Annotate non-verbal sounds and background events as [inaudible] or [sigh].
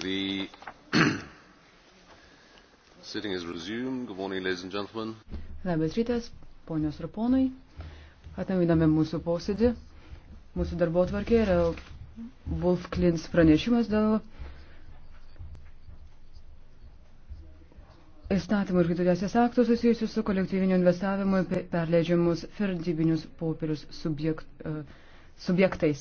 The [clears throat] sitting is resumed. Good morning, ladies and gentlemen. Labas rytas, ponios ir ponai. Atnaujiname mūsų posėdį. Mūsų darbo tvarkė yra Wolf Klins pranešimas dėl įstatymų ir kitų teisės aktų susijusių su kolektyviniu investavimu perleidžiamus vertybinius popierius subjekt, e, subjektais.